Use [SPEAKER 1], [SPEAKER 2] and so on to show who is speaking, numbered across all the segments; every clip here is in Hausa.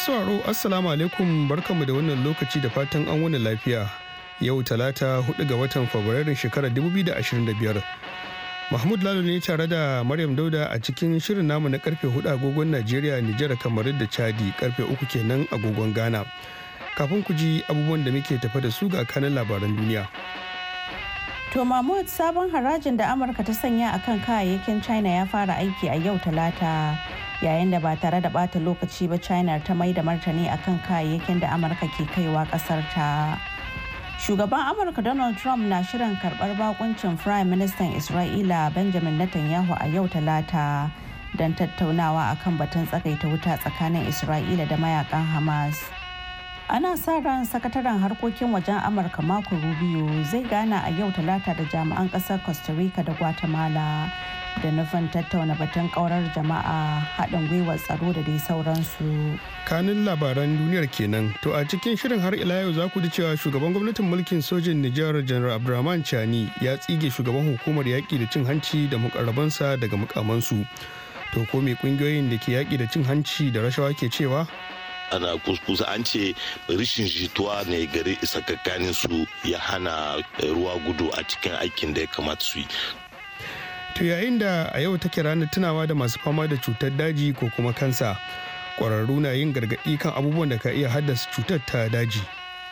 [SPEAKER 1] masu haro assalamu alaikum barkanmu da wannan lokaci da fatan an wani lafiya yau talata 4 ga watan fabrairun shekarar 2025 mahmud lalo ne tare da maryam dauda a cikin shirin namu na karfe 4 agogon najeriya nijar kamar da chadi karfe 3 kenan agogon ghana kafin ku ji abubuwan da muke tafa da su ga kanan labaran duniya
[SPEAKER 2] To Mahmud sabon harajin da Amurka ta sanya akan kayayyakin China ya fara aiki a yau talata. yayin da ba tare da bata lokaci ba china ta mai da martani akan kayayyakin da amurka ke kaiwa kasar ta shugaban amurka donald trump na shirin karbar bakuncin prime minister isra'ila benjamin netanyahu a yau talata don tattaunawa akan batun tsakaita wuta tsakanin isra'ila da mayakan hamas ana sa ran sakataren harkokin wajen amurka marco rubio zai gana a yau talata da jami'an kasar costa rica da guatemala da nufin tattauna batun kaurar jama'a haɗin gwiwar tsaro da dai sauransu.
[SPEAKER 1] kanin labaran duniyar kenan to a cikin shirin har ila yau za ku ji cewa shugaban gwamnatin mulkin sojin nijar janar abdulrahman chani ya tsige shugaban hukumar yaƙi da cin hanci da mukarrabansa daga mukamansu to ko mai kungiyoyin da ke yaƙi da cin hanci da rashawa ke cewa ana kuskusa an ce rishin jituwa ne gari isa su ya hana eh, ruwa gudu a cikin aikin da ya kamata su yi To yayin da a yau take ranar tunawa da masu fama da cutar daji ko kuma kansa, ƙwararru na yin gargaɗi kan abubuwan da ka iya haddasa cutar ta daji.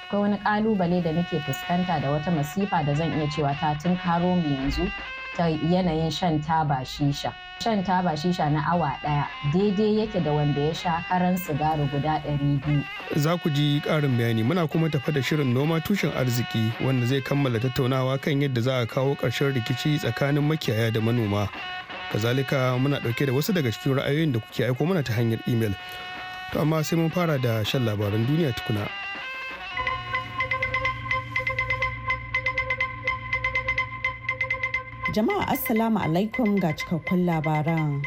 [SPEAKER 3] Akwai wani ƙalubale da nake fuskanta da wata masifa da zan iya cewa ta tun karo mu yanzu ta yanayin shan taba shisha. Shan taba shisha na awa ɗaya daidai yake da wanda ya sha karan sigari guda
[SPEAKER 1] ɗari biyu. Za ku ji ƙarin bayani muna kuma tafa da shirin noma tushen arziki wanda zai kammala tattaunawa kan yadda za a kawo ƙarshen rikici tsakanin makiyaya da manoma. Kazalika muna ɗauke da wasu daga cikin ra'ayoyin da kuke aiko mana ta hanyar imel. To amma sai mun fara da shan labaran duniya tukuna.
[SPEAKER 2] Jama'a Assalamu alaikum ga cikakkun labaran.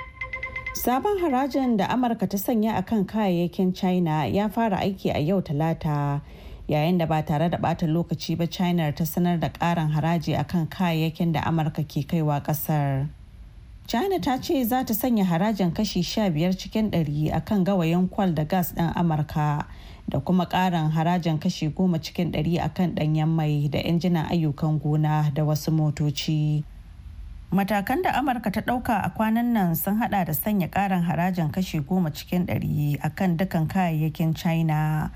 [SPEAKER 2] Sabon harajin da Amurka ta sanya a kan kayayyakin China ya fara aiki a yau talata yayin da ba tare da bata lokaci ba China ta sanar da ƙarin haraji a kan kayayyakin da Amurka ke kaiwa kasar China ta ce za ta sanya harajin kashi 15 cikin 100 a kan gawayin kwal da gas ɗin Amurka da kuma ƙarin harajin kashi 10 cikin 100 a kan ɗanyen mai da injinan ayyukan gona da wasu motoci. matakan da amurka ta ɗauka a kwanan nan sun hada da sanya ƙarin harajin kashi goma cikin ɗari akan dukan kayayyakin china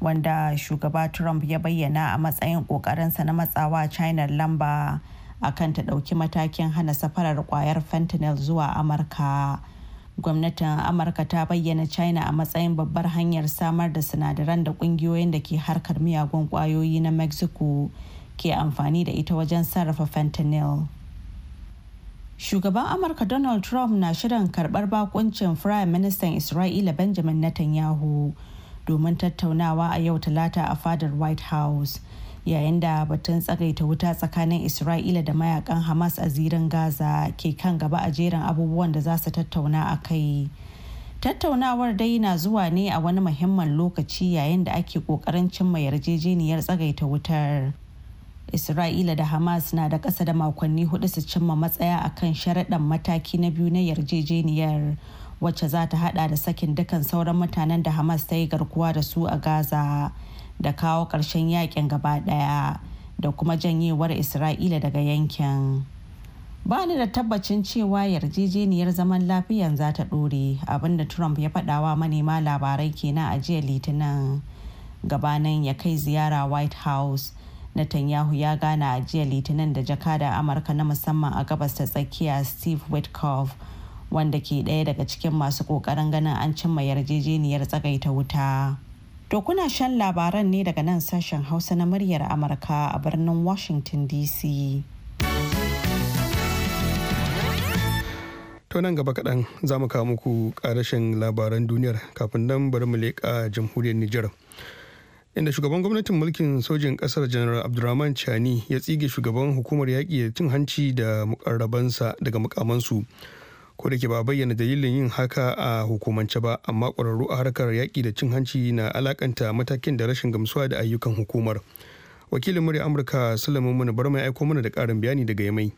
[SPEAKER 2] wanda shugaba trump ya bayyana a matsayin kokarinsa na matsawa china lamba a kan ta ɗauki matakin hana safarar ƙwayar fentanyl zuwa amurka gwamnatin amurka ta bayyana china a matsayin babbar hanyar samar da sinadaran da ƙungiyoyin da ke harkar miyagun ƙwayoyi na mexico ke amfani da ita wajen sarrafa fentanyl. shugaban amurka donald trump na shirin karbar bakuncin prime minister isra'ila benjamin netanyahu domin tattaunawa a yau talata a fadar white house yayin da batun tsagaita wuta tsakanin isra'ila da mayakan hamas a zirin gaza ke kan gaba a jerin abubuwan da za su tattauna a kai tattaunawar dai na zuwa ne a wani muhimman lokaci yayin da ake kokarin cimma yarjejeniyar tsagaita wutar Isra'ila da Hamas na da ƙasa da makonni hudu su cimma matsaya a kan sharaɗan mataki na biyu na yarjejeniyar wacce za ta hada da sakin dukan sauran mutanen da Hamas ta yi garkuwa da su a Gaza da kawo ƙarshen yakin gaba ɗaya da kuma janyewar Isra'ila daga yankin. ba ni da tabbacin cewa yarjejeniyar zaman lafiyan za ta ɗore abinda trump ya faɗawa manema labarai kenan a jiya litinin gabanin ya kai ziyara white house Netanyahu ya gana a jiya litinin da jakada Amurka na musamman a gabas ta tsakiya Steve Witkoff wanda ke ɗaya daga cikin masu ƙoƙarin ganin an cimma yarjejeniyar tsagaita wuta. To kuna shan labaran ne daga nan sashen Hausa na muryar Amurka a birnin Washington DC.
[SPEAKER 1] To nan gaba kaɗan za mu kawo muku ƙarashin labaran duniyar kafin nan bari mu leƙa jamhuriyar Nijar. inda shugaban gwamnatin mulkin sojin kasar janar abdurrahman chani ya tsige shugaban hukumar yaƙi da cin hanci da mukarrabansa daga mukamansu ko da ke ba bayyana dalilin yin haka a hukumance ba amma ƙwararru a harkar yaƙi da cin hanci na alakanta matakin da rashin gamsuwa da ayyukan hukumar wakilin murya amurka sulaiman mana bar mai aiko mana da ƙarin bayani daga yamai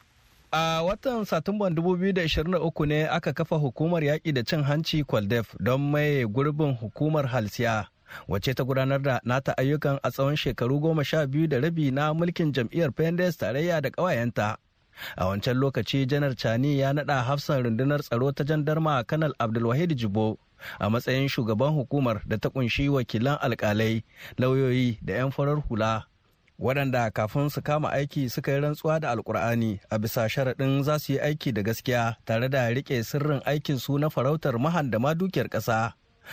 [SPEAKER 4] A watan Satumban 2023 ne aka kafa hukumar yaƙi da cin hanci Kwaldef don mai gurbin hukumar Halsiya. wacce ta gudanar da nata ayyukan a tsawon shekaru goma sha biyu da rabi na mulkin jam'iyyar pendes tarayya da ƙawayenta a wancan lokaci janar chani ya naɗa hafsan rundunar tsaro ta jandarma kanal abdulwahid jibo a matsayin shugaban hukumar da ta kunshi wakilan alkalai lauyoyi da 'yan farar hula waɗanda kafin su kama aiki suka yi rantsuwa da alkur'ani a bisa sharaɗin za su yi aiki da gaskiya tare da riƙe sirrin aikinsu na farautar mahandama dukiyar ƙasa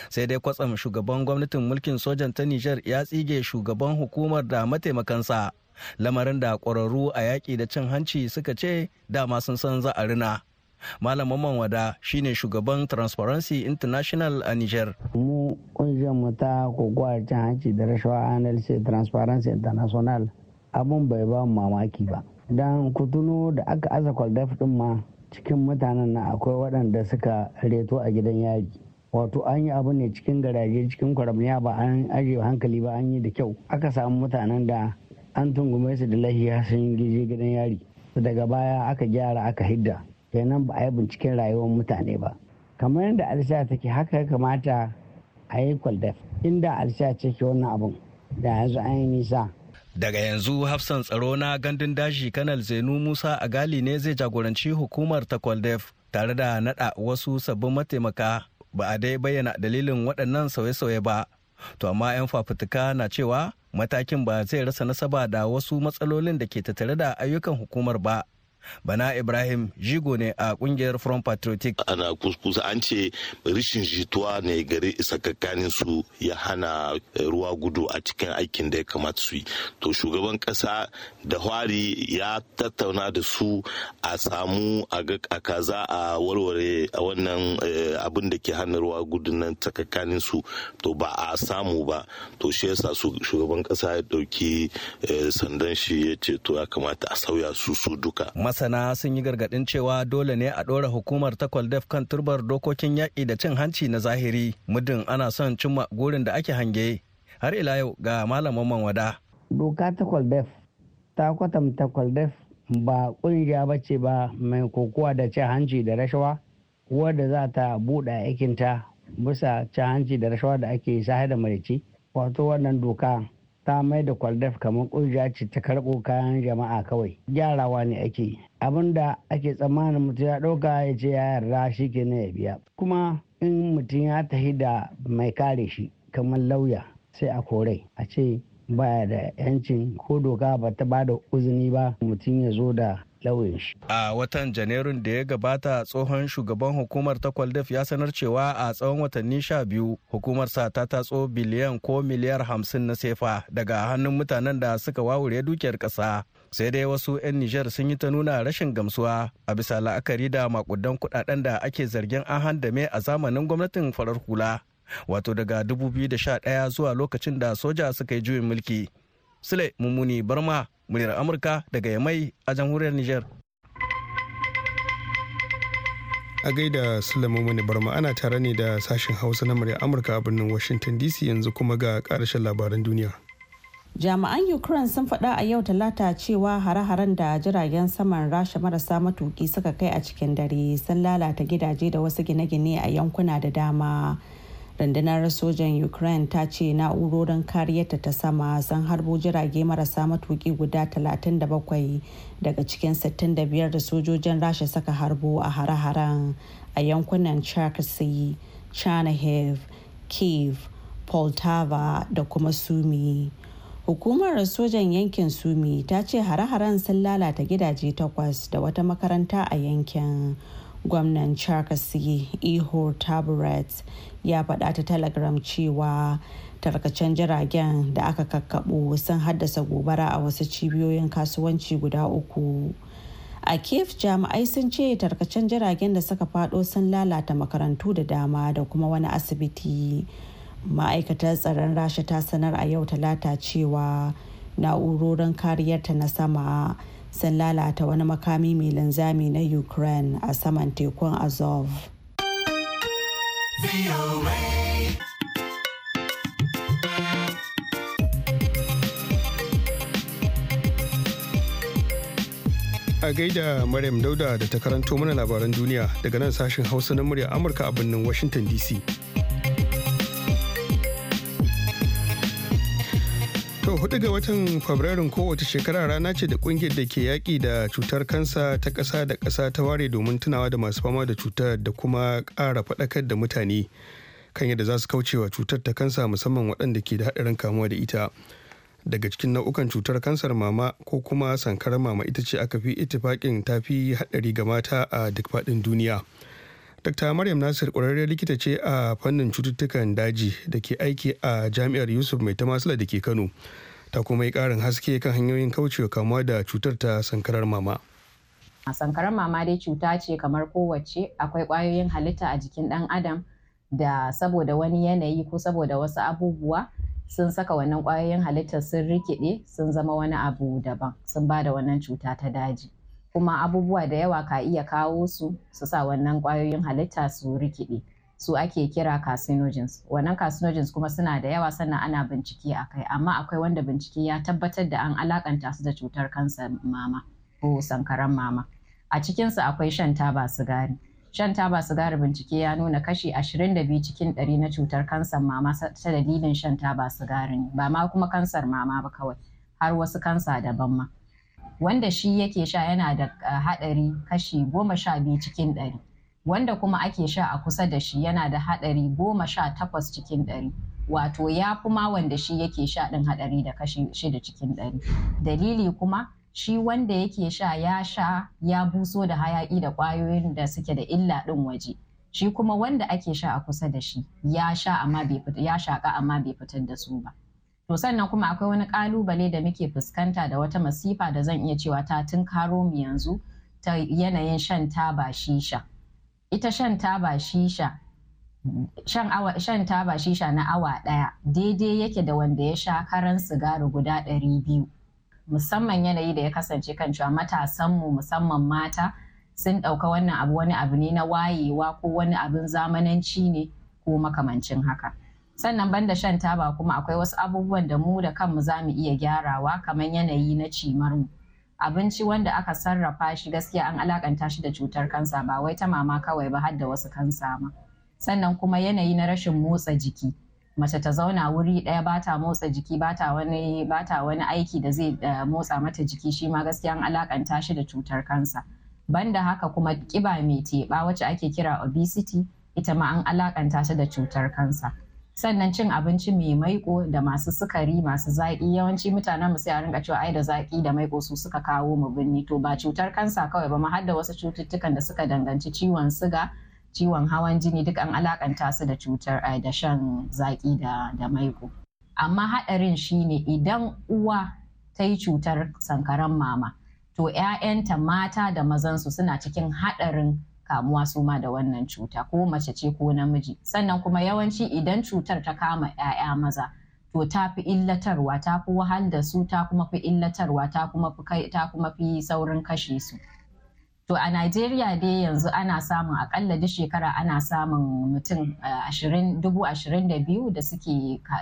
[SPEAKER 4] sai dai kwatsam shugaban gwamnatin mulkin sojan ta nijar ya tsige shugaban hukumar da mataimakansa lamarin da ƙwararru a yaƙi da cin hanci suka ce dama sun san za a rina malam mamman wada shine shugaban transparency international a niger
[SPEAKER 5] mu kungiyar mu ta kokowa cin hanci da rashawa nlc transparency international abun bai ba mamaki ba don kutuno da aka aza kwaldaf din ma cikin mutanen na akwai waɗanda suka reto a gidan yaƙi. wato an yi abu ne cikin garaje cikin kwaramniya ba an ajiye hankali ba an yi da kyau aka samu mutanen da an tungume su da lahiya sun gije gidan yari daga baya aka gyara aka hidda kenan ba a yi binciken rayuwar mutane ba kamar yadda alisha take haka ya kamata a yi kwaldaf inda alisha ce ke wannan abun da yanzu an yi nisa
[SPEAKER 4] daga yanzu hafsan tsaro na gandun daji kanal zainu musa agali ne zai jagoranci hukumar ta kwaldaf tare da nada wasu sabbin mataimaka ba a dai bayyana dalilin waɗannan sauye-sauye ba to amma 'yan fafutuka na cewa matakin ba zai rasa nasaba da wasu matsalolin da ke tattare da ayyukan hukumar ba bana ibrahim jigo ne a kungiyar front patriotic
[SPEAKER 1] ana kuskusa an ce rishin jituwa ne gari sakakkanin su ya hana eh, ruwa gudu a cikin aikin da ya kamata su yi to shugaban kasa da hwari ya tattauna da su a samu a kaza a warware a wannan eh, abin da ke hana ruwa gudu nan sakakkanin su to ba a samu ba to shi yasa shugaban kasa ya dauki eh, sandan shi ya ce to ya kamata a sauya su su duka
[SPEAKER 4] masana sun yi gargaɗin cewa dole ne a ɗora hukumar ta kwaldef kan turbar dokokin yaƙi da cin hanci na zahiri muddin ana son cimma gurin da ake hange har ila yau ga malamin manwada.
[SPEAKER 5] doka ta kwaldef ta kwatanta kwaldef ba ƙungiya ba ce ba mai kokowa da cin hanci da rashawa wadda za ta buɗe aikinta bisa cin hanci da rashawa da ake sahi da marici wato wannan doka ta mai da kwaldaf kamar ƙungiya ce ta karɓo kayan jama'a kawai gyarawa ne ake abin da ake tsammanin mutum ya ɗauka ya ce ya yarda shi ke ya biya kuma in mutum ya tafi da mai kare shi kamar lauya sai a korai a ce baya da yancin ko doka ba ta ba da uzini ba mutum ya zo da lauyin shi.
[SPEAKER 4] A watan Janairun da ya gabata tsohon shugaban hukumar ta Kwaldef ya sanar cewa a tsawon watanni sha biyu hukumarsa ta tatso biliyan ko miliyar hamsin na sefa daga hannun mutanen da suka wawure dukiyar ƙasa sai dai wasu 'yan nijar sun yi ta nuna rashin gamsuwa a bisa la'akari da makudan kudaden da ake zargin an handame a zamanin gwamnatin farar hula wato daga 2011 zuwa lokacin da soja suka yi juyin mulki sule mummuni barma muryar amurka daga yamai a jamhuriyar nijar
[SPEAKER 1] a gaida mummuni barma ana tare ne da sashen hausa na muryar amurka a birnin washington dc yanzu kuma ga karshen labaran duniya
[SPEAKER 2] jami'an ukraine sun faɗa a yau talata cewa hare-haren da jiragen saman rasha marasa matuki suka kai a cikin dare sun lalata gidaje da wasu gine-gine a yankuna da dama rundunar sojan ukraine ta ce na'urorin kariyarta ta sama sun harbo jirage marasa matuki guda 37 daga cikin 65 da sojojin rasha suka harbo a hare-haren a yankunan cherkasy chernihiv kiev poltava da kuma sumi hukumar sojan yankin sumi ta ce hare-haren sun lalata gidaje takwas da wata makaranta a yankin gwamnan charkasi ihor taburet ya faɗa ta telegram cewa tarkacen jiragen da aka kakkaɓo sun haddasa gobara a wasu cibiyoyin kasuwanci guda uku a kef jami'ai sun ce tarkacen jiragen da suka faɗo sun lalata makarantu da dama da kuma wani asibiti ma'aikatar tsaron rasha ta sanar a yau talata cewa na'urorin kariyarta na sama sun lalata wani makami mai linzami na ukraine a saman tekun azov
[SPEAKER 1] a gaida maryam dauda da ta karanto mana labaran duniya daga nan sashen hausa na murya amurka a birnin washington dc To hudu ga watan Fabrairun kowace shekara rana ce da kungiyar da ke yaƙi da cutar kansa ta ƙasa da ƙasa ta ware domin tunawa da masu fama da cutar da kuma ƙara faɗakar da mutane kan yadda za su kaucewa cutar ta kansa musamman waɗanda ke da haɗarin kamuwa da ita. Daga cikin nau'ukan cutar kansar mama ko kuma sankarar mama ita ce aka fi ta fi haɗari ga mata a duk faɗin duniya. Dr. Maryam Nasir ƙwararriyar likita ce a fannin cututtukan daji da ke aiki a jami'ar Yusuf Mai Tamasila da ke Kano. Ta kuma yi ƙarin haske kan hanyoyin kaucewa kamuwa da cutar ta sankarar mama.
[SPEAKER 3] Sankarar mama dai cuta ce kamar kowace akwai ƙwayoyin halitta a jikin ɗan adam da saboda wani yanayi ko saboda wasu abubuwa sun saka wannan ƙwayoyin halitta sun rikide sun zama wani abu daban sun ba da wannan cuta ta daji. kuma abubuwa da yawa ka iya kawo su su sa wannan kwayoyin halitta su rikide su ake kira carcinogens wannan carcinogens kuma suna da yawa sannan ana bincike a kai amma akwai wanda bincike ya tabbatar da an alakanta su da cutar kansar mama ko sankaran mama a cikinsu akwai shan taba sigari shan taba sigari bincike ya nuna kashi 22 cikin 100 na cutar kansar mama ta dalilin shan taba sigari ba ma kuma kansar mama ba kawai har wasu kansa daban ma wanda shi yake sha yana da eh, haɗari kashi goma sha biyu cikin ɗari wanda kuma ake sha a kusa da shi yana da haɗari goma sha takwas cikin ɗari wato ya fi ma wanda shi yake sha ɗin haɗari da kashi shida cikin ɗari dalili kuma shi wanda yake sha ya sha ya buso da hayaƙi da ƙwayoyin da suke da illa ɗin waje shi kuma wanda ake sha a kusa da shi ya sha ya shaƙa amma bai fitar da su ba To sannan kuma akwai wani kalubale da muke fuskanta da wata masifa da zan iya cewa ta tun karo mu yanzu ta yanayin shan taba shisha. Ita shan taba shisha shan taba shisha na awa ɗaya daidai yake da wanda ya sha karan sigari guda ɗari biyu musamman yanayi da ya kasance kan cewa matasan mu musamman mata sun ɗauka wannan abu wani abu ne na wayewa ko wani abin zamananci ne ko makamancin haka. sannan banda shan taba kuma akwai wasu abubuwan da mu da kanmu za mu iya gyarawa kamar yanayi na cimar mu abinci wanda aka sarrafa shi gaskiya an alakanta shi da cutar kansa ba wai ta mama kawai ba hadda wasu kansa ma sannan kuma yanayi na rashin motsa jiki mace ta zauna wuri ɗaya ba ta motsa jiki ba ta wani wani aiki da zai eh, motsa mata jiki shi ma gaskiya an alakanta shi da cutar kansa banda haka kuma kiba mai teɓa wacce ake kira obesity ita ma an alakanta shi da cutar kansa sannan cin abinci mai maiko da masu sukari masu zaƙi yawanci mutanen mu sai a rinka cewa ai da zaƙi da maiko su suka kawo mu binni to ba cutar kansa kawai ba ma har da wasu cututtukan da suka danganci ciwon siga ciwon hawan jini duk an alakanta su da cutar ai da shan zaƙi da da maiko amma haɗarin shine idan uwa ta yi cutar sankaran mama to 'ya'yanta mata da mazansu suna cikin haɗarin kamuwa su ma da wannan cuta ko mace ce ko namiji sannan kuma yawanci idan cutar ta kama 'ya'ya maza to ta fi illatarwa ta fi wahal da su ta kuma fi illatarwa ta kuma fi ta kuma fi saurin kashe su to a Najeriya dai yanzu ana samun akalla duk shekara ana samun mutum eh, dubu ashirin da biyu suke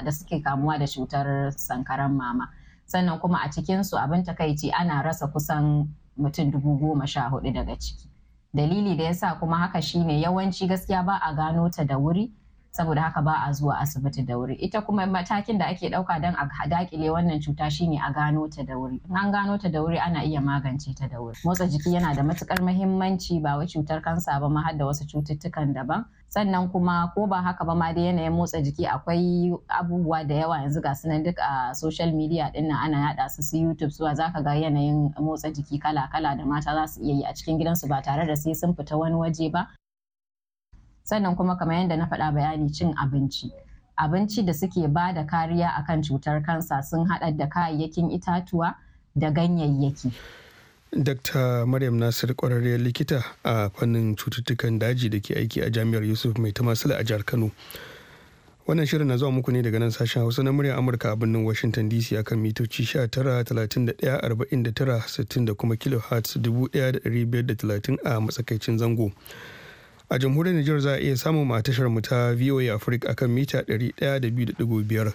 [SPEAKER 3] da suke kamuwa da cutar sankaran mama sannan kuma a cikinsu abin takaici ana rasa kusan mutum dubu goma sha hudu daga ciki dalili da yasa kuma haka shine yawanci gaskiya ba a gano ta da wuri saboda haka ba a zuwa asibiti da wuri ita kuma matakin da ake dauka don a dakile wannan cuta shine a gano ta da wuri an gano ta da wuri ana iya magance ta da wuri motsa jiki yana da matukar muhimmanci ba wai cutar kansa ba ma har da wasu cututtukan daban sannan kuma ko ba haka ba ma da yanayin motsa jiki akwai abubuwa da yawa yanzu ga sunan duk a social media din nan ana yada su su YouTube zuwa zaka ga yanayin motsa jiki kala-kala da mata za su iya yi a cikin gidansu ba tare da sai sun fita wani waje ba sannan kuma kamar yadda na faɗa bayani cin abinci abinci da suke ba da kariya akan cutar kansa sun haɗa da kayayyakin itatuwa da ganyayyaki
[SPEAKER 1] Dr. Maryam Nasir kwararriyar likita a fannin cututtukan daji da ke aiki a jami'ar Yusuf mai ta tamasila a jihar Kano. Wannan shirin na zuwa muku ne daga nan sashen Hausa na murya Amurka a birnin Washington DC akan mitoci 19,31,49,60 da kuma kilohertz 1,530 a matsakaicin zango. A jamhuriyar Nijar za a iya samun matashar mu ta VOA Africa akan mita 102.5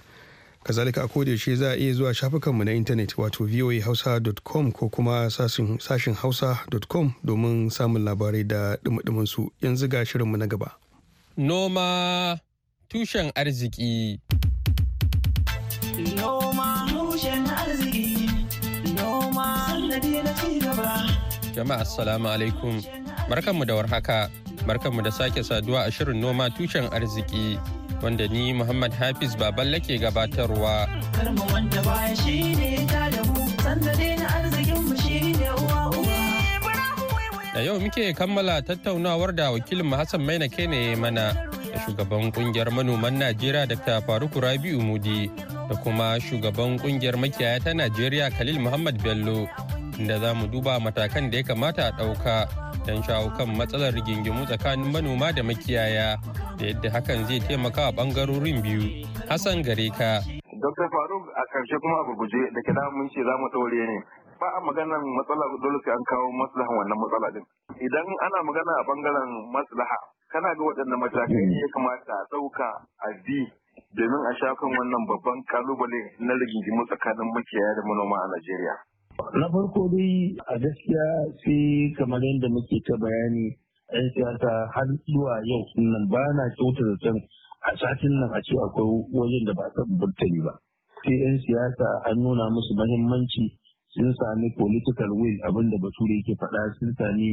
[SPEAKER 1] kazalika a kodayaushe za a iya zuwa shafukanmu na intanet wato voahausa.com ko kuma sashin hausa.com domin samun labarai da dumadumin su yanzu ga
[SPEAKER 6] shirinmu na gaba. Noma tushen arziki.
[SPEAKER 4] Noma tushen arziki. Noma sannadi na ci gaba.
[SPEAKER 6] Jama'a assalamu alaikum. Barkanmu da warhaka. Barkanmu da sake saduwa a shirin noma tushen arziki. wanda ni Muhammad Hafiz Baballe lake gabatarwa. da yau muke kammala tattaunawar da wakilin Hassan Maina ya mana da shugaban kungiyar manoman Najeriya Dr. Faruku Rabi'u Mudi da kuma shugaban kungiyar makiyaya ta Najeriya Khalil Muhammad Bello inda za mu duba matakan da ya kamata a ɗauka don shawo kan matsalar rigingimu tsakanin manoma da makiyaya da yadda hakan zai taimaka a bangarorin biyu hassan gare ka
[SPEAKER 7] dr faruk a karshe kuma abu guje da ke mun ce za mu ɗaure ne ba a maganar matsala dole sai an kawo maslahan wannan matsala din idan ana magana a bangaren maslaha kana ga waɗannan matakai ya kamata a ɗauka a bi domin a shafin wannan babban kalubale na rigingimu tsakanin makiyaya da manoma a Najeriya. Na farko dai a gaskiya sai kamar yadda muke ta bayani 'yan siyasa har zuwa yau nan ba na kyauta da can a satin nan a ce akwai wajen da ba a burtani ba sai 'yan siyasa an nuna musu mahimmanci sun sami political will da bature yake faɗa sun sami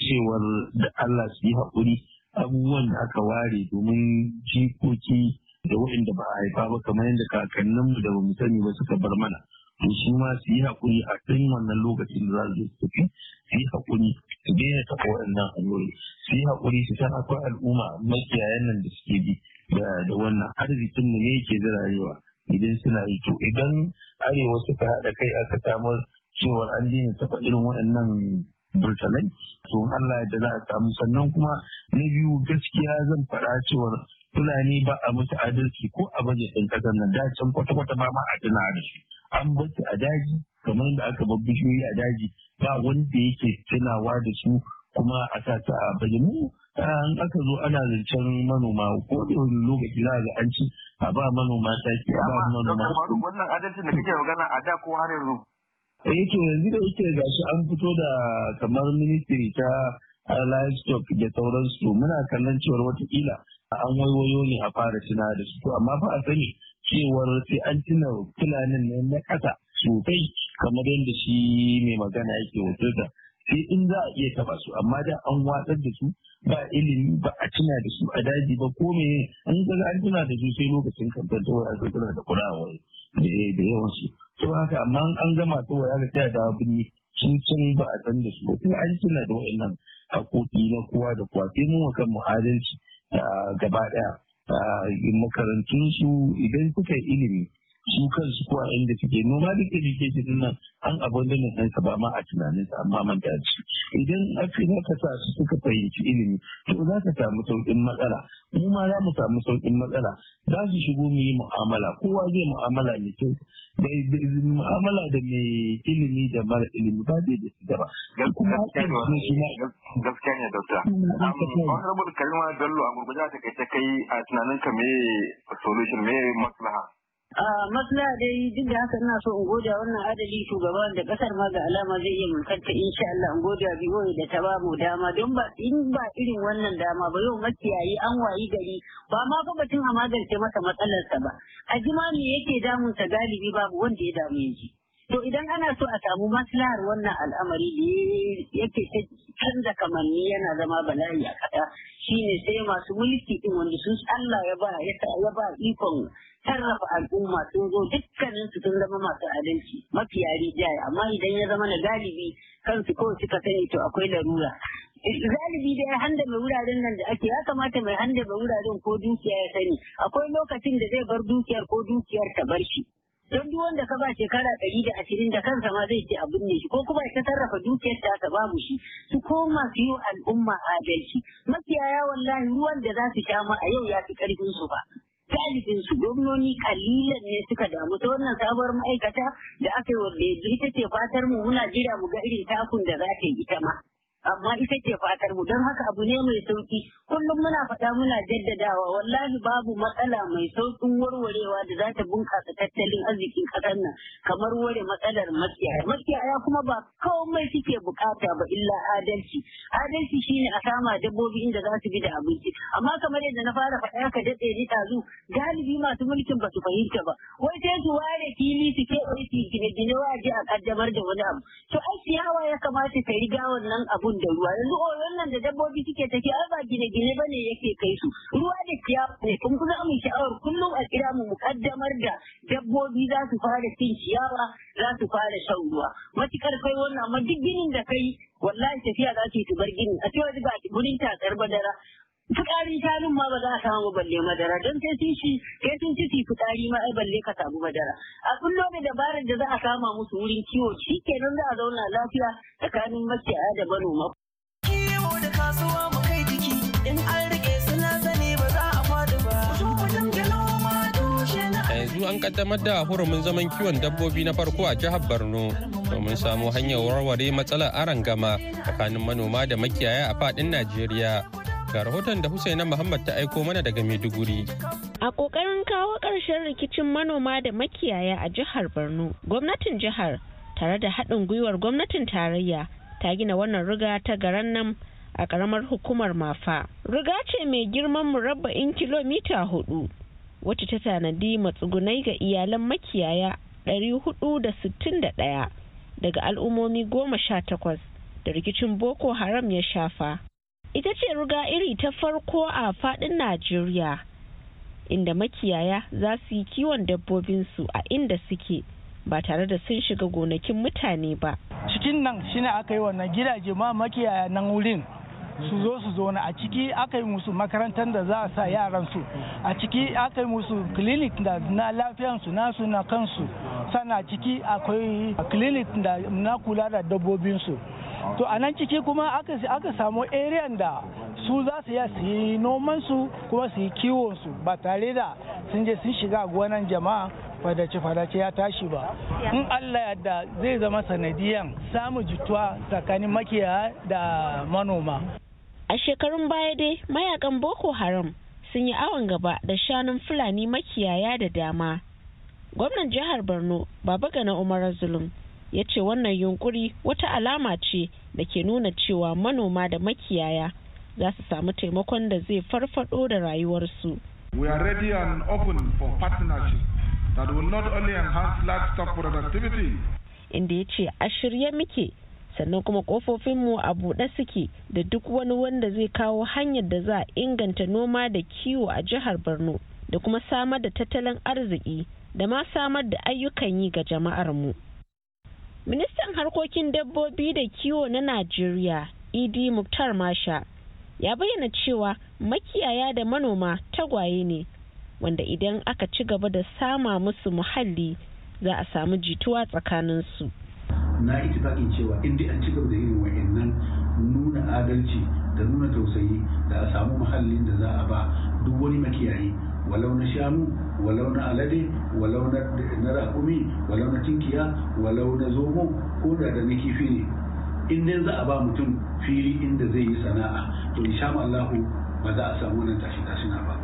[SPEAKER 7] cewar da Allah su yi haƙuri abubuwan da aka ware domin jikoki da waɗanda ba a haifa ba kamar yadda kakanninmu da ba mu sani ba suka bar mana su ma su yi haƙuri a ɗin wannan lokacin da za su tafi su yi haƙuri su daina taɓa waɗannan hanyoyi su yi haƙuri su san akwai al'umma makiyayan nan da suke bi da wannan arzikin mu ne ke zirarewa idan suna yi to idan arewa suka haɗa kai aka samar cewar an daina taɓa irin waɗannan burtalai to Allah ya za a samu sannan kuma na biyu gaskiya zan faɗa cewar Fulani ba a musu adalci ko a bajetin ƙasar nan da can kwata-kwata ba ma a tuna da shi. an bar su a daji kamar da aka bar bishiyoyi a daji ba wanda yake tunawa da su kuma a sa su a bayyanu an aka zo ana zancen manoma ko da wani lokaci za ga an ci a ba manoma taki a ba manoma wannan adalcin da kake magana a da ko har yanzu eh to yanzu da yake shi an fito da kamar ministry ta livestock da sauransu muna kallon cewar watakila an waiwayo ne a fara tuna da su amma fa a sani cewar sai an tuna fulanin ne na ƙasa sosai kamar yadda shi mai magana yake wakilta sai in za a iya taba su amma da an watsar da su ba ilimi ba a tuna da su a daji ba ko me an ga an tuna da su sai lokacin kamfan ta wura suna da kula a wani da yawan su to haka amma an gama ta wura ta da birni sun can ba a san da su ba sai an tuna da wa'annan haƙoƙi na kowa da kowa sai mu kan mu adalci ah, gaba ɗaya a makarantunsu idan kuka yi ilimi su kansu ko inda suke nomadic education din nan an abandon ɗansa ba ma a tunaninsa amma manta su idan aka za ka sa su suka fahimci ilimi to za ka samu sauƙin matsala mu ma za mu samu sauƙin matsala za su shigo mu yi mu'amala kowa zai mu'amala mai kyau mu'amala da mai ilimi da mara ilimi ba zai da su da ba. Gaskiya ne dokta. Honorable Karima Bello a gurgurja ta kai ta kai a tunaninka me solution me maslaha.
[SPEAKER 8] masla dai duk da haka na so in goda wannan adali shugaban da kasar ma ga alama zai iya mulkanta sha Allah in goda biyo da ta ba mu dama don ba in ba irin wannan dama ba yau makiyayi an wayi gari ba ma fa batun a magance masa matsalarsa ba a jima me yake damun ta galibi babu wanda ya damu yaji to idan ana so a samu maslahar wannan al'amari da yake ta canza kamanni yana zama bala'i a kasa shine sai masu mulki din wanda sun Allah ya ba ya ba ikon sarrafa al'umma sun zo dukkanin su sun zama masu adalci mafiya rijaya amma idan ya zama na galibi kansu kawai suka sani to akwai larura galibi da ya handa mai wuraren nan da ake ya kamata mai handa mai wuraren ko dukiya ya sani akwai lokacin da zai bar dukiyar ko dukiyar ta bar shi don duk wanda ka ba shekara ɗari da ashirin da kansa ma zai ce abin ne shi ko kuma ta sarrafa dukiyar ta ta babu shi su koma su yi al'umma adalci mafiya wallahi ruwan da za su sha ma a yau ya fi ƙarfin su ba galibin su gwamnoni kalilan ne suka damu ta wannan sabuwar ma'aikata da aka yi wa ita ce fatar mu muna jira mu ga irin takun da za ta yi ita ma. amma ita ce fatar mu don haka abu ne mai sauki kullum muna faɗa muna jaddadawa wallahi babu matsala mai sauƙin warwarewa da za ta bunƙasa tattalin arzikin ƙasar nan kamar ware matsalar makiyaya makiyaya kuma ba mai suke bukata ba illa adalci adalci shine a sama dabbobi inda za su bi da abinci amma kamar yadda na fara faɗa ka daɗe ni ɗazu galibi masu mulkin ba su fahimta ba wai sai su ware fili su ke su gine-gine waje a kaddamar da wani abu to ai ciyawa ya kamata ta riga nan abu gun da ruwa yanzu oyon nan da dabbobi suke tafi ai ba gine-gine bane yake kai su ruwa da ciyawa ne kun kusa mu sha'awar kullum a kira mu mukaddamar da dabbobi za su fara cin ciyawa za su fara shan ruwa matukar kai wannan amma duk ginin da kai wallahi tafiya za su yi bar gini a cewa ga gurin tatsar badara ta nun ma ba za a samu balle madara don sai sun shi sai sun ci fitsari ma ai balle ka samu madara a kullum da dabarar da za a kama musu wurin kiwo shi kenan za a zauna lafiya tsakanin makiyaya da manoma.
[SPEAKER 6] an a yanzu an kaddamar da hurumin zaman kiwon dabbobi na farko a jihar borno domin samu hanyar warware matsalar arangama tsakanin manoma da makiyaya a faɗin najeriya Ga rahoton da Husaina Muhammad ta aiko mana daga Maiduguri.
[SPEAKER 9] A ƙoƙarin kawo ƙarshen rikicin manoma da makiyaya a jihar Borno, gwamnatin jihar tare da haɗin gwiwar gwamnatin tarayya ta gina wannan riga ta garan nan a ƙaramar hukumar Mafa. Riga ce mai girman murabba'in kilomita hudu, wacce ta tanadi matsugunai ga iyalan makiyaya ɗari da da sittin ɗaya daga al'ummomi goma sha takwas da rikicin Boko Haram ya shafa. ita ce ruga iri ta farko a fadin najeriya inda makiyaya za su yi kiwon dabbobinsu a inda suke ba tare da sun shiga gonakin mutane ba
[SPEAKER 4] cikin nan shine aka yi wannan gidaje ma makiyaya nan wurin su zo su zo a ciki aka yi musu makarantar da za a sa yaran su a ciki aka yi musu clinic da na lafiyan su na su na kansu sana ciki akwai clinic da na kula da dabbobin su to a nan ciki kuma aka samu area da su za su ya su yi noman su kuma su yi kiwon su ba tare da sun je sun shiga gonan jama'a fadace fadace ya tashi ba in allah yadda zai zama sanadiyan samu jituwa tsakanin makiyaya da manoma a
[SPEAKER 1] shekarun
[SPEAKER 9] baya dai mayakan boko haram sun yi awon gaba da shanun fulani makiyaya da dama gwamnan jihar borno baba gana umar zulum ya ce wannan yunkuri wata alama ce da ke nuna cewa manoma da makiyaya za su samu taimakon da zai farfado da rayuwarsu
[SPEAKER 6] we are ready and open for partnership that will not only enhance livestock productivity
[SPEAKER 9] inda ya ce a shirye muke sannan kuma kofofinmu a buɗe suke da duk wani wanda zai kawo hanyar da za a inganta noma da kiwo a jihar borno da kuma samar da tattalin arziki da ma samar da ayyukan yi ga jama'armu ministan harkokin dabbobi da kiwo na najeriya ed muktar masha ya bayyana cewa makiyaya da manoma tagwaye ne wanda idan aka ci gaba da sama musu muhalli za a samu jituwa tsakaninsu. su
[SPEAKER 4] na yi itifakin cewa inda an ci gaba da irin wa'annan nuna adalci da nuna tausayi da a samu muhallin da za a ba duk wani makiyayi walau na shanu walau na
[SPEAKER 1] alade walau na rakumi walau na tinkiya walau na zomo ko da da na kifi ne in za a ba mutum fili inda zai yi sana'a to insha Allahu
[SPEAKER 4] ba za a samu wannan tashi tashina ba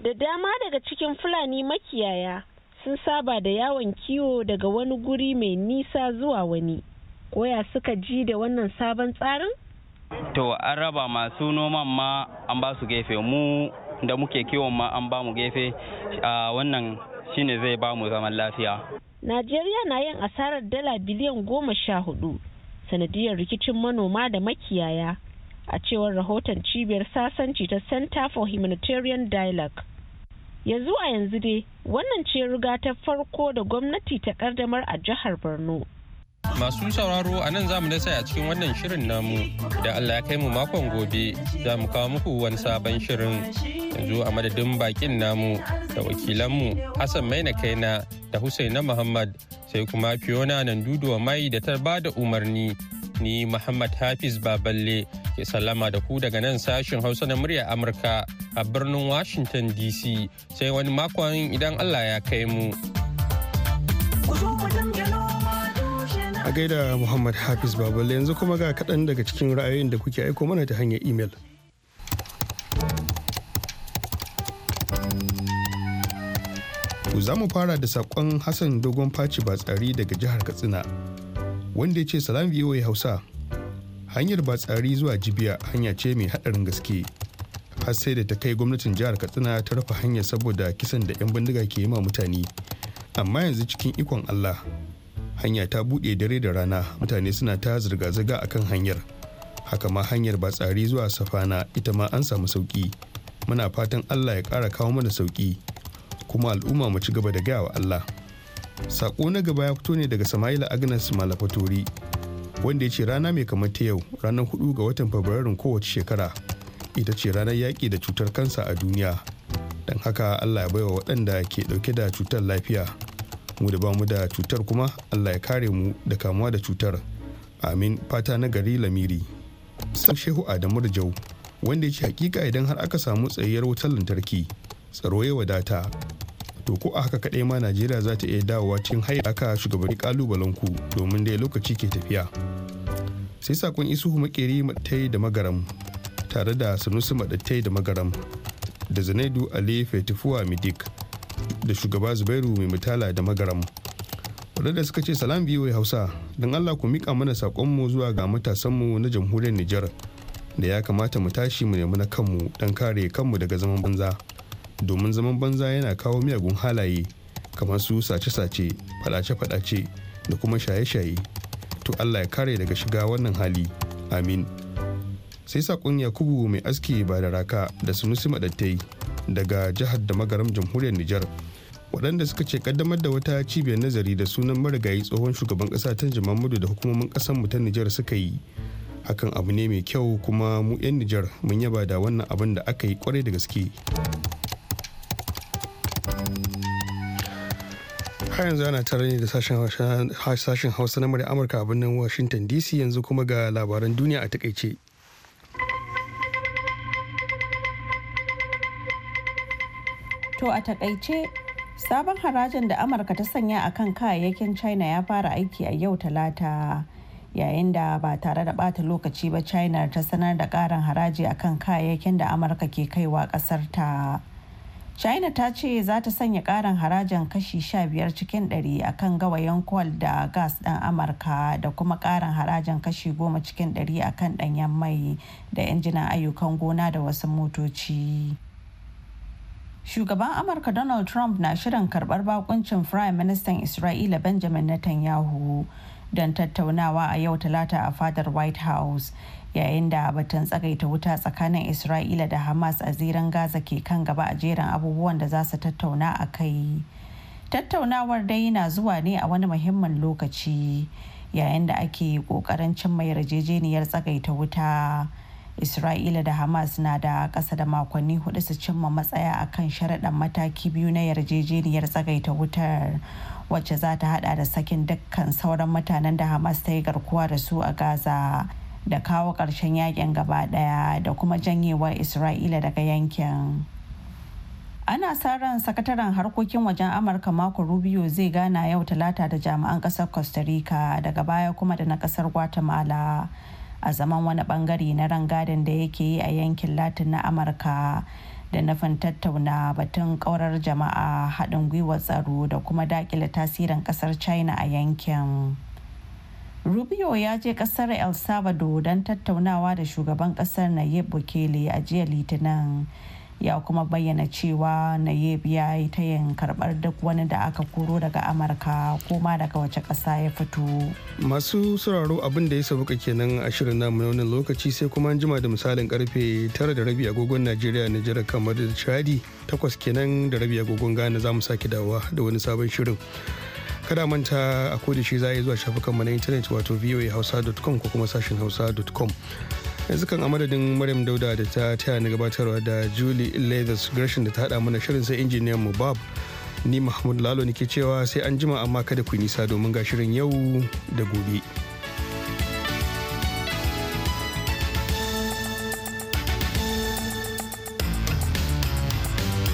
[SPEAKER 9] da dama daga cikin fulani makiyaya sun saba da yawon kiwo daga wani guri mai nisa zuwa wani koya suka ji da wannan sabon tsarin
[SPEAKER 6] to an raba masu noman ma an ba su gefe mu da muke kiwon ma an ba mu gefe a wannan shine zai ba mu zaman lafiya
[SPEAKER 9] najeriya na yin asarar dala biliyan goma sha hudu sanadiyar rikicin manoma da makiyaya a cewar rahoton cibiyar sasanci ta center for humanitarian dialogue yanzu a yanzu dai wannan ce riga ta farko da gwamnati ta ƙaddamar a jihar borno
[SPEAKER 6] Masu sauraro a nan zamu dasa a cikin wannan shirin namu da Allah ya kai mu makon gobe za mu kawo muku wani sabon shirin yanzu a madadin bakin namu da wakilanmu Hassan Maina Kaina da Husaina Muhammad sai kuma Fiona duduwa Mai da ta ba da umarni ni Muhammad Hafiz Baballe ke sallama da ku daga nan sashin hausa na murya amurka a birnin washington dc sai wani makon idan allah ya kai mu a gaida
[SPEAKER 1] muhammad hafiz babal yanzu kuma ga kaɗan daga cikin ra'ayoyin da kuke aiko mana ta hanyar imel za mu fara da saƙon hassan dogon faci ba tsari daga jihar katsina wanda ya ce salam voa hausa hanyar batsari zuwa jibiya hanya ce mai haɗarin gaske har sai da ta kai gwamnatin jihar katsina ta rufe hanyar saboda kisan da 'yan bindiga ke yi ma mutane amma yanzu cikin ikon allah hanya ta buɗe dare da rana mutane suna ta zirga-zirga kan hanyar haka ma hanyar batsari zuwa safana ita ma an samu sauki muna fatan allah ya ƙara kawo mana sauki kuma al'umma mu ci gaba da gaya wa allah saƙo na gaba ya fito ne daga samaila agnes malafatori wanda ya ce rana mai kamar ta yau ranar hudu ga watan fabrairun kowace shekara ita ce ranar yaƙi da cutar kansa a duniya don haka allah ya baiwa waɗanda ke ɗauke da cutar lafiya mu da bamu da cutar kuma allah ya kare mu da kamuwa da cutar amin fata na gari lamiri sam shehu adamu jau wanda ya ce hakika idan har aka samu tsayiyar wutar lantarki tsaro ya wadata to ko a haka kaɗai ma najeriya za ta iya dawowa cikin haya aka shugabanni ƙalubalen ku domin dai lokaci ke tafiya sai sakon isuhu makeri matai da magaram tare da sanusi madattai da magaram da zanaidu ali fetifuwa midik da shugaba zubairu mai mutala da magaram wadanda suka ce salam biyu hausa don allah ku mika mana sakonmu zuwa ga matasanmu na jamhuriyar nijar da ya kamata mu tashi mu nemi na kanmu don kare kanmu daga zaman banza domin zaman banza yana kawo miyagun halaye kamar su sace-sace faɗace-faɗace da kuma shaye-shaye to allah ya kare daga shiga wannan hali amin sai sakon yakubu mai aski ba da raka da sunusi madattai daga jihar da magaram jamhuriyar nijar waɗanda suka ce kaddamar da wata cibiyar nazari da sunan marigayi tsohon shugaban ƙasa ta jimamudu da hukumomin ƙasar mu ta nijar suka yi hakan abu ne mai kyau kuma mu 'yan nijar mun yaba da wannan abin da aka yi kwarai da gaske har yanzu ana tare ne da sashen hausa na murya amurka a birnin washington dc yanzu kuma ga labaran duniya a takaice
[SPEAKER 2] to a takaice sabon harajin da amurka ta sanya a kan kayayyakin china ya fara aiki a yau talata yayin da ba tare da bata lokaci ba china ta sanar da karin haraji akan kayayyakin da amurka ke kaiwa kasar ta china ta ce za ta sanya karin harajin kashi 15 cikin 100 akan gawayen kwal da gas ɗin amurka da kuma karin harajin kashi 10 cikin 100 akan ɗanyen mai da injinan ayyukan gona da wasu motoci shugaban amurka donald trump na shirin karbar bakuncin prime ministan isra'ila benjamin netanyahu don tattaunawa a yau talata a fadar white house yayin da batun tsagaita wuta tsakanin isra'ila da hamas a ziran gaza ke kan gaba a jerin abubuwan da za su tattauna a kai tattaunawar dai na zuwa ne a wani muhimmin lokaci yayin da ake kokarin cimma yarjejeniyar tsagaita wuta isra'ila da hamas na da kasa da makonni hudu su cimma matsaya a kan sharaɗan mataki biyu na yarjejeniyar tsagaita wutar wacce za ta hada da sakin dukkan sauran mutanen da hamas ta yi garkuwa da su a gaza da kawo ƙarshen yakin gaba ɗaya da kuma janyewar isra'ila daga yankin ana sa ran sakataren harkokin wajen amurka mako rubio zai gana yau talata da jami'an ƙasar costa rica daga baya kuma da na ƙasar guatemala a zaman wani bangare na rangadin da yake yi a yankin latin na amurka da nufin tattauna batun kaurar jama'a haɗin gwiwar tsaro da kuma dakile tasirin ƙasar china a yankin rubio ya je ƙasar el salvador don tattaunawa da shugaban ƙasar nayib bukele a jiya litinin ya kuma bayyana cewa na ya yi yin karbar duk wani da aka koro daga amurka ko ma daga wace ƙasa ya fito
[SPEAKER 1] masu sauraro abin da ya sabuka kenan a shirin na lokaci sai kuma an jima da misalin karfe tara da rabi agogon najeriya nijar kamar da chadi takwas kenan da rabi agogon ghana za mu sake dawowa da wani sabon shirin kada manta a kodashi za a yi zuwa shafukanmu na intanet wato voahausa.com ko kuma sashen hausa.com yanzu kan amadadin maryam dauda da ta taya na gabatarwa da julie leathers gresham da ta hada mana shirin sai injiniyan mu bab ni mahmud lalo ne ke cewa sai an jima amma kada ku nisa domin ga shirin yau da gobe.